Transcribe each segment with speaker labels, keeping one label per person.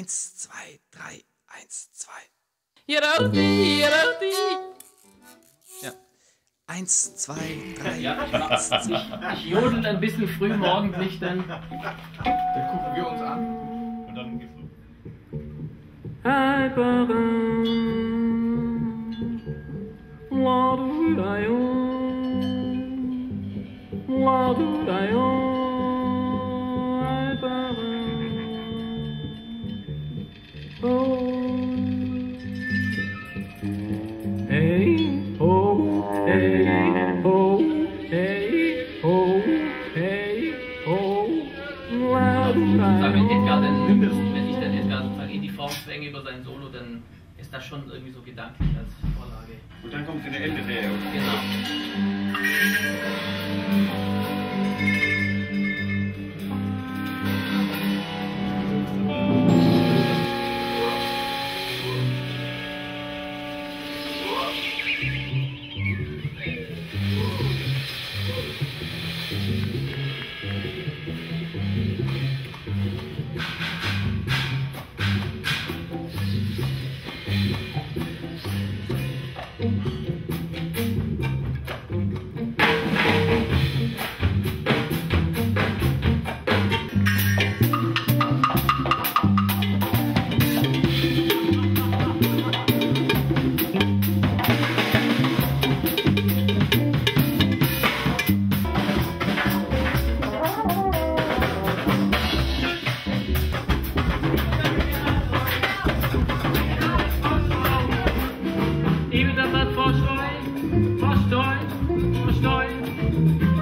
Speaker 1: Eins, zwei, drei, eins, zwei. Geraldi, Geraldi. Ja. Eins, zwei, drei, ja. eins, zwei. Ich jodel ein bisschen früh morgendlich, dann. Dann gucken wir uns an. Und dann geht's los. mindestens. Wenn ich dann entweder sozusagen in die Form zwänge über sein Solo, dann ist das schon irgendwie so gedanklich als Vorlage. Und dann kommt es in der Ende der. Genau.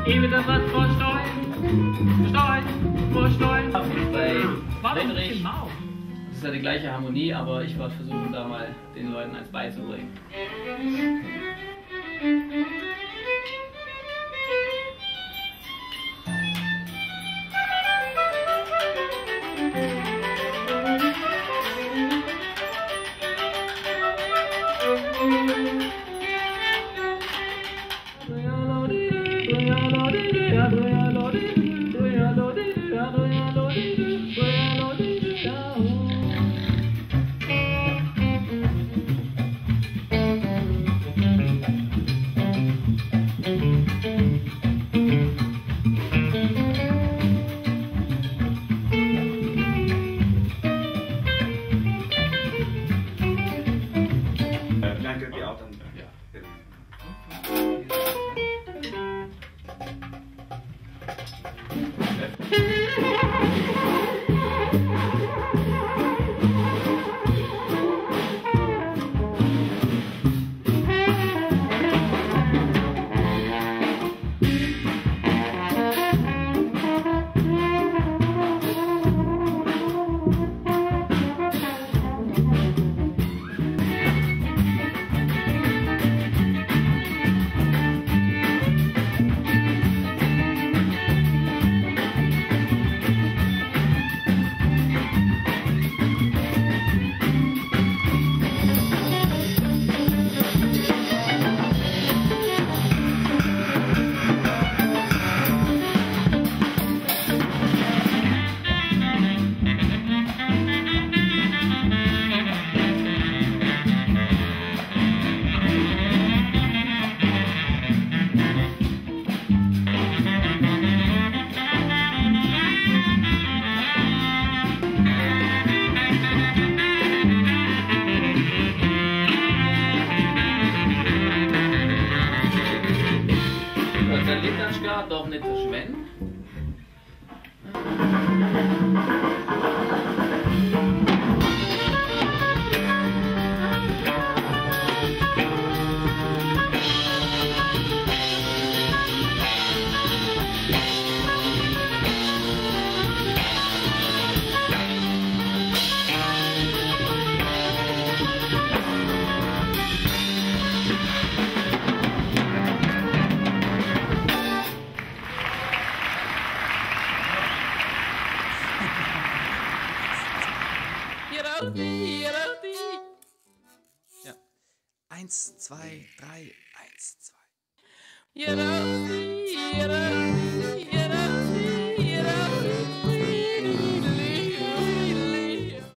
Speaker 1: gebe das was vor Stolz. Stolz, vor Stolz. Bei Warum genau? Das ist ja die gleiche Harmonie, aber ich werde versuchen, da mal den Leuten eins beizubringen. Mhm. danke, die Eltern. kannst du doch nicht verschwenden. Eins, zwei, drei, eins, zwei. Melodie.